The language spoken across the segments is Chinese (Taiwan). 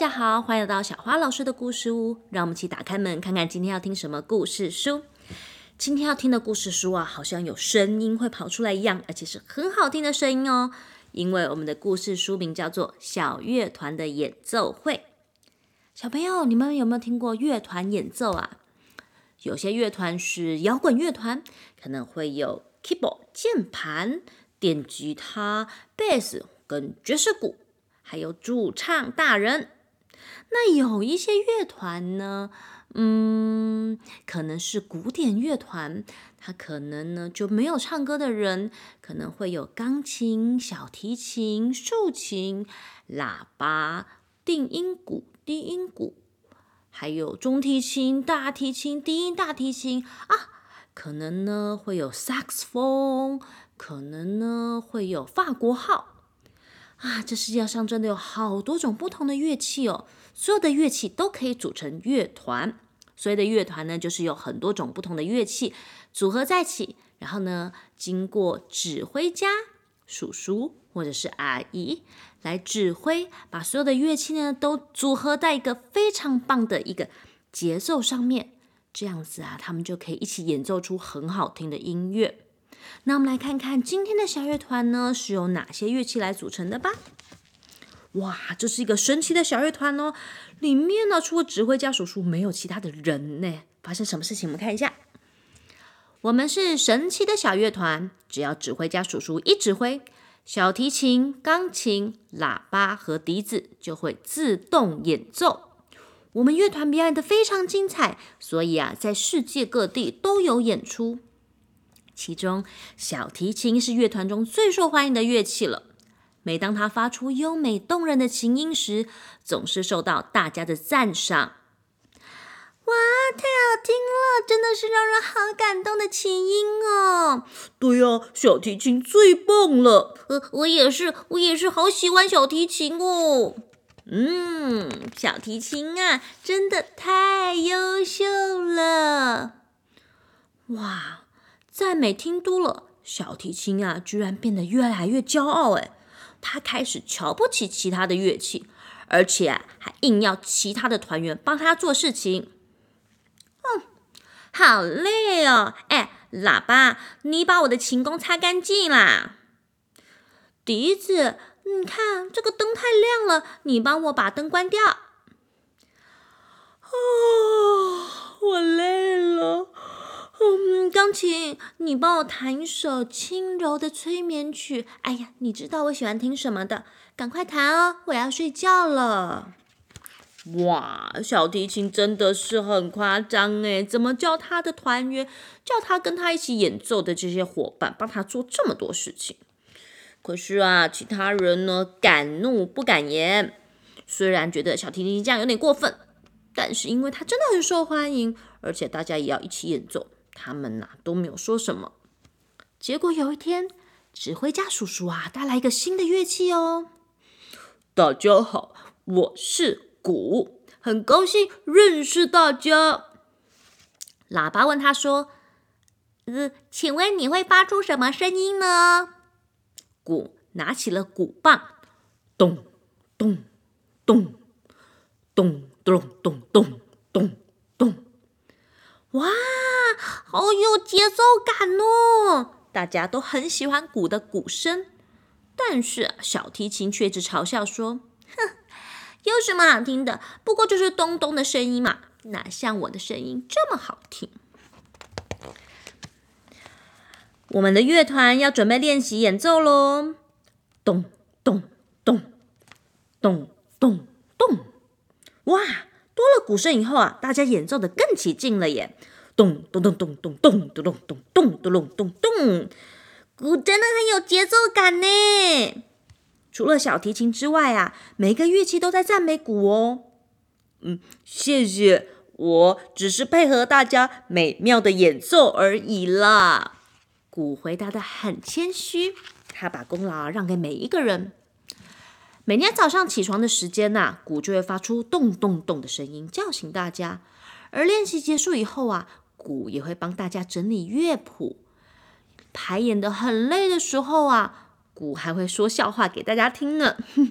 大家好，歡迎來到小花老師的故事屋。讓我們一起打開門，看看今天要聽什麼故事書。今天要聽的故事書啊，好像有聲音會跑出來一樣，而且是很好聽的聲音哦。因為我們的故事書名叫做《小樂團的演奏會》。小朋友，你們有沒有聽過樂團演奏啊？有些樂團是搖滾樂團，可能會有 keyboard 鍵盤、電吉他、bass 跟爵士鼓，還有主唱大人。那有一些樂團呢，嗯，可能是古典樂團，他可能呢就沒有唱歌的人，可能會有鋼琴、小提琴、豎琴、喇叭、定音鼓、低音鼓，還有中提琴、大提琴、低音大提琴啊，可能呢會有薩克斯風，可能呢會有法國號。啊，這世界上真的有好多種不同的樂器哦！所有的樂器都可以組成樂團，所謂的樂團呢，就是有很多種不同的樂器組合在一起，然後呢，經過指揮家叔叔或者是阿姨來指揮，把所有的樂器呢都組合在一個非常棒的一個節奏上面，這樣子啊，他們就可以一起演奏出很好聽的音樂。那我們來看看今天的小樂團呢，是由哪些樂器來組成的吧？哇，這是一個神奇的小樂團哦！裡面呢、啊，除了指揮家叔叔，沒有其他的人呢。發生什麼事情？我們看一下。我們是神奇的小樂團，只要指揮家叔叔一指揮，小提琴、鋼琴、喇叭和笛子就會自動演奏。我們樂團表演得非常精彩，所以啊，在世界各地都有演出。其中，小提琴是樂團中最受歡迎的樂器了。每當它發出優美動人的琴音時，總是受到大家的讚賞。哇，太好聽了！真的是讓人好感動的琴音哦。對呀，小提琴最棒了。呃，我也是，我也是好喜歡小提琴哦。嗯，小提琴啊，真的太優秀了。哇！讚美聽多了，小提琴啊，居然變得越來越驕傲哎！他開始瞧不起其他的樂器，而且啊，還硬要其他的團員幫他做事情。嗯，好累哦！哎，喇叭，你把我的琴弓擦乾淨啦。笛子，你看這個燈太亮了，你幫我把燈關掉。哦，我累了。嗯，哦。鋼琴，你幫我彈一首輕柔的催眠曲。哎呀，你知道我喜歡聽什麼的，趕快彈哦，我要睡覺了。哇，小提琴真的是很誇張誒。怎麼叫他的團員，叫他跟他一起演奏的這些夥伴幫他做這麼多事情？可是啊，其他人呢，敢怒不敢言。雖然覺得小提琴這樣有點過分，但是因為他真的很受歡迎，而且大家也要一起演奏。他們吶都沒有說什麼。結果有一天，指揮家叔叔啊帶來一個新的樂器哦。大家好，我是鼓，很高興認識大家。喇叭問他說：“呃，請問你會發出什麼聲音呢？”鼓拿起了鼓棒，咚咚咚咚咚咚咚咚咚。哇，好有節奏感哦！大家都很喜歡鼓的鼓聲，但是小提琴卻一直嘲笑說：“哼，有什麼好聽的？不過就是咚咚的聲音嘛，哪像我的聲音這麼好聽！”我們的樂團要準備練習演奏咯！咚咚咚咚咚咚,咚，哇！多了鼓聲以後啊，大家演奏的更起勁了耶！咚咚咚咚咚咚咚咚咚咚咚咚咚，鼓真的很有節奏感呢。除了小提琴之外啊，每個樂器都在讚美鼓哦。嗯，謝謝，我只是配合大家美妙的演奏而已啦。鼓回答的很謙虛，他把功勞讓給每一個人。每天早上起床的時間啊，鼓就會發出咚咚咚的聲音叫醒大家。而練習結束以後啊，鼓也會幫大家整理樂譜。排演得很累的時候啊，鼓還會說笑話給大家聽呢。呵呵，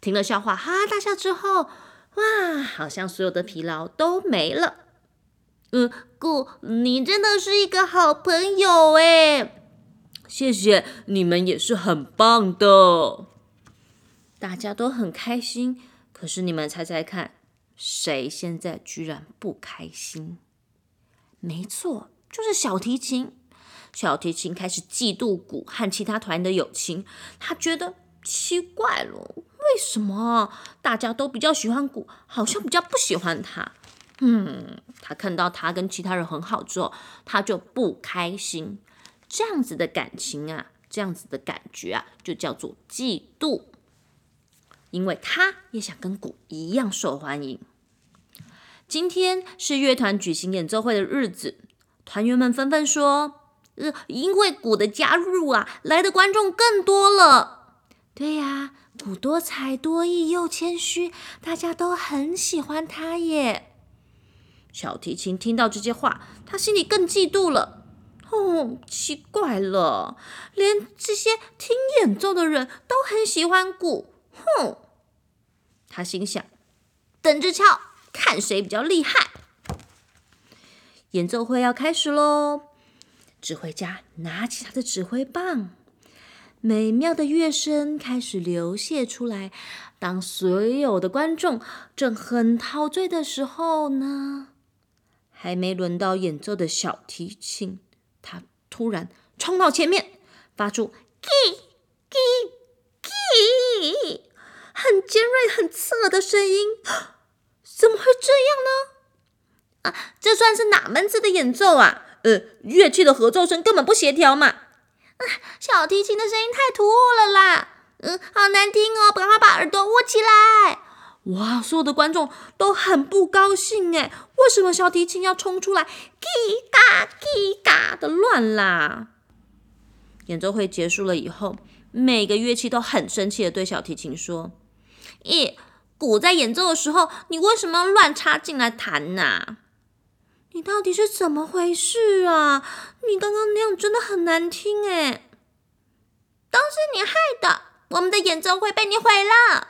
聽了笑話哈哈大笑之後，哇，好像所有的疲勞都沒了。嗯，鼓，你真的是一個好朋友哎。謝謝，你們也是很棒的。大家都很開心，可是你們猜猜看，誰現在居然不開心？沒錯，就是小提琴。小提琴開始嫉妒鼓和其他團員的友情，他覺得奇怪了，為什麼大家都比較喜歡鼓，好像比較不喜歡他？嗯，他看到他跟其他人很好之後，他就不開心。這樣子的感情啊，這樣子的感覺啊，就叫做嫉妒。因為他也想跟鼓一樣受歡迎。今天是樂團舉行演奏會的日子，團員們紛紛說：“呃，因為鼓的加入啊，來的觀眾更多了。”對呀、啊，鼓多才多藝又謙虛，大家都很喜歡他耶。小提琴聽到這些話，他心裡更嫉妒了。哦，奇怪了，連這些聽演奏的人都很喜歡鼓。哼，他心想：“等着瞧，看誰比較厲害。”演奏會要開始嘍！指揮家拿起他的指揮棒，美妙的樂聲開始流瀉出來。當所有的觀眾正很陶醉的時候呢，還沒輪到演奏的小提琴，他突然衝到前面，發出“嘰嘰嘰”……很刺耳的聲音，怎麼會這樣呢？啊，這算是哪門子的演奏啊？呃，樂器的合奏聲根本不協調嘛。啊、小提琴的聲音太突兀了啦，嗯、呃，好難聽哦，趕快把耳朵捂起來！哇，所有的觀眾都很不高興哎，為什麼小提琴要衝出來，嘰嘎嘰嘎的亂啦？演奏會結束了以後，每個樂器都很生氣的對小提琴說。咦，鼓在演奏的時候，你為什麼要亂插進來彈呢？你到底是怎麼回事啊？你剛剛那樣真的很難聽哎，都是你害的，我們的演奏會被你毀了。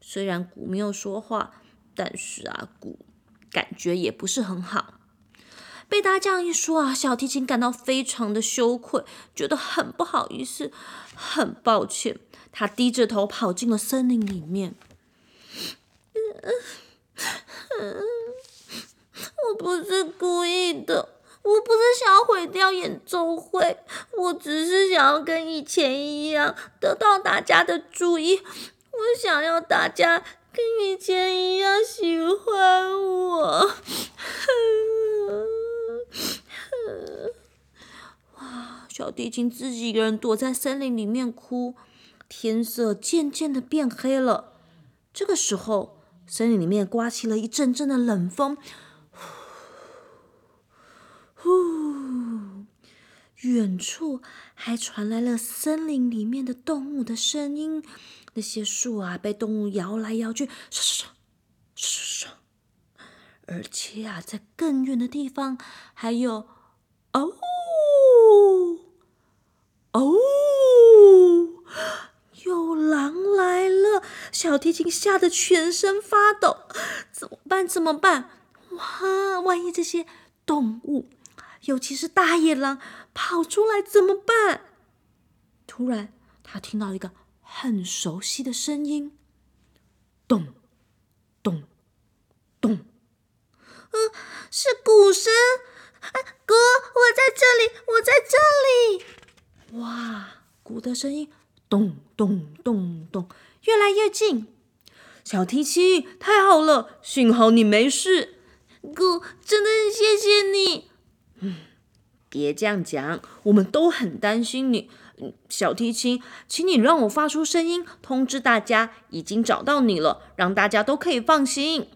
雖然鼓沒有說話，但是啊，鼓感覺也不是很好。被他這樣一說啊，小提琴感到非常的羞愧，覺得很不好意思，很抱歉。他低着頭跑進了森林裡面。我不是故意的，我不是想要毀掉演奏會，我只是想要跟以前一樣得到大家的注意。我想要大家跟以前一樣喜歡我。 哇，小提琴自己一個人躲在森林裡面哭，天色漸漸的變黑了。這個時候，森林裡面颳起了一陣陣的冷風，呼，呼，遠處還傳來了森林裡面的動物的聲音，那些樹啊被動物搖來搖去，唰唰唰，唰唰唰而且啊，在更遠的地方還有哦哦，有狼來了！小提琴嚇得全身發抖，怎麼辦？怎麼辦？哇，萬一這些動物，尤其是大野狼跑出來怎麼辦？突然，他聽到一個很熟悉的聲音，咚咚。咚嗯、呃，是鼓聲，哎、鼓，我在這裡，我在這裡。哇，鼓的聲音，咚咚咚咚，越來越近。小提琴，太好了，幸好你沒事，鼓，真的謝謝你。嗯，別這樣講，我們都很擔心你。小提琴，請你讓我發出聲音，通知大家已經找到你了，讓大家都可以放心。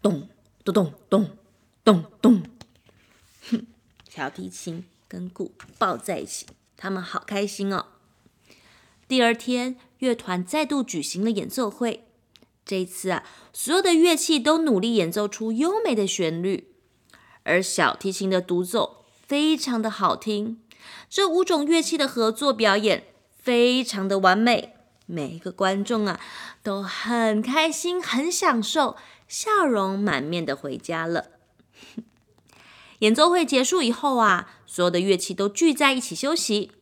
咚。咚咚咚咚咚！哼！小提琴跟鼓抱在一起，他們好開心哦。第二天，樂團再度舉行了演奏會。這一次啊，所有的樂器都努力演奏出優美的旋律，而小提琴的獨奏非常的好聽。這五種樂器的合作表演非常的完美。每一個觀眾啊，都很開心，很享受，笑容滿面的回家了。 演奏會結束以後啊，所有的樂器都聚在一起休息。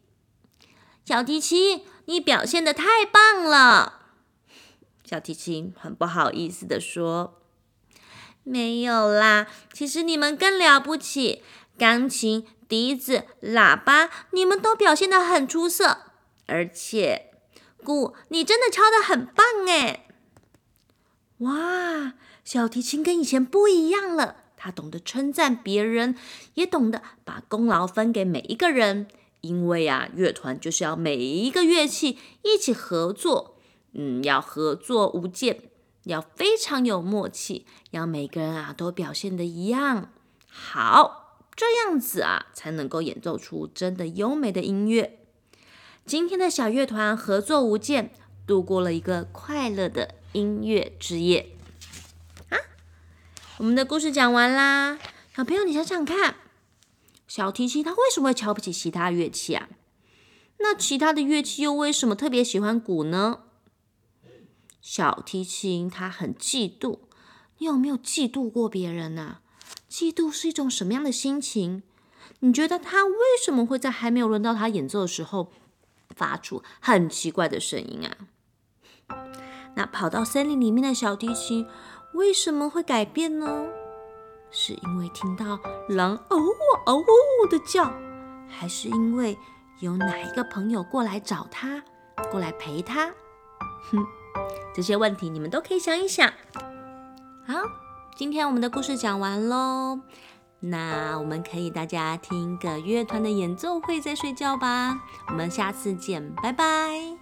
小提琴，你表現的太棒了。小提琴很不好意思的說：“沒有啦，其實你們更了不起。鋼琴、笛子、喇叭，你們都表現的很出色，而且。”鼓，你真的敲得很棒哎！哇，小提琴跟以前不一樣了，他懂得稱讚別人，也懂得把功勞分給每一個人。因為啊，樂團就是要每一個樂器一起合作，嗯，要合作無間，要非常有默契，要每個人啊都表現得一樣好，這樣子啊才能夠演奏出真的優美的音樂。今天的小樂團合作無間，度過了一個快樂的音樂之夜。啊，我們的故事講完啦，小朋友，你想想看，小提琴它為什麼會瞧不起其他樂器啊？那其他的樂器又為什麼特別喜歡鼓呢？小提琴它很嫉妒，你有沒有嫉妒過別人呢、啊？嫉妒是一種什麼樣的心情？你覺得它為什麼會在還沒有輪到它演奏的時候，發出很奇怪的聲音啊！那跑到森林裡面的小提琴為什麼會改變呢？是因為聽到狼嗷嗷的叫，還是因為有哪一個朋友過來找他，過來陪他？哼，這些問題你們都可以想一想。好，今天我們的故事講完嘍。那我們可以大家聽個樂團的演奏會再睡覺吧。我們下次見，拜拜。